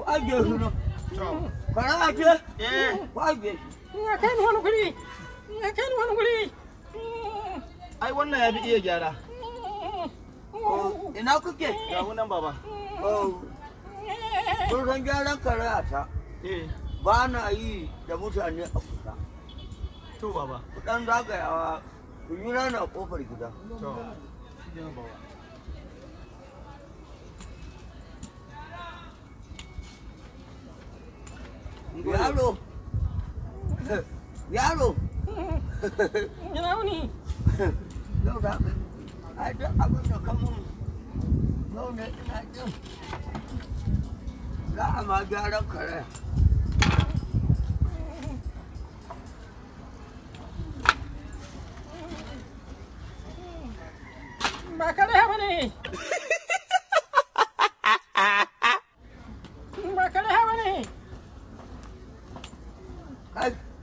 ku ajiye su nan ku ajiye ni wani wani ai wannan ya bi iya gyara oh, ina kuke ga nan baba oh, kun san gyaran karaya ta eh. ba na yi da mutane a kusa to baba ku dan zagayawa ku yi rana a gida to Diablo. Diablo. Drowning. No, that. I just, I want to come on. No, nothing I do. t a t I'm a god o o l o r Bacana, Ramani.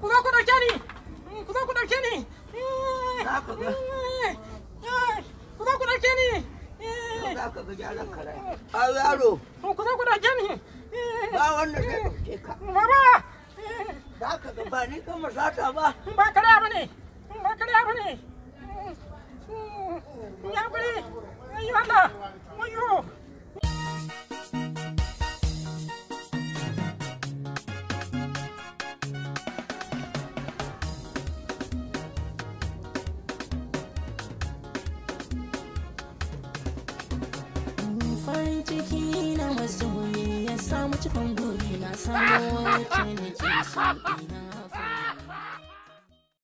ku zo ku dauke ni ku zo ku ba wanda zai dauke ciki na mazuni ya samu cikin guri na samu ciniki sun ina hafa.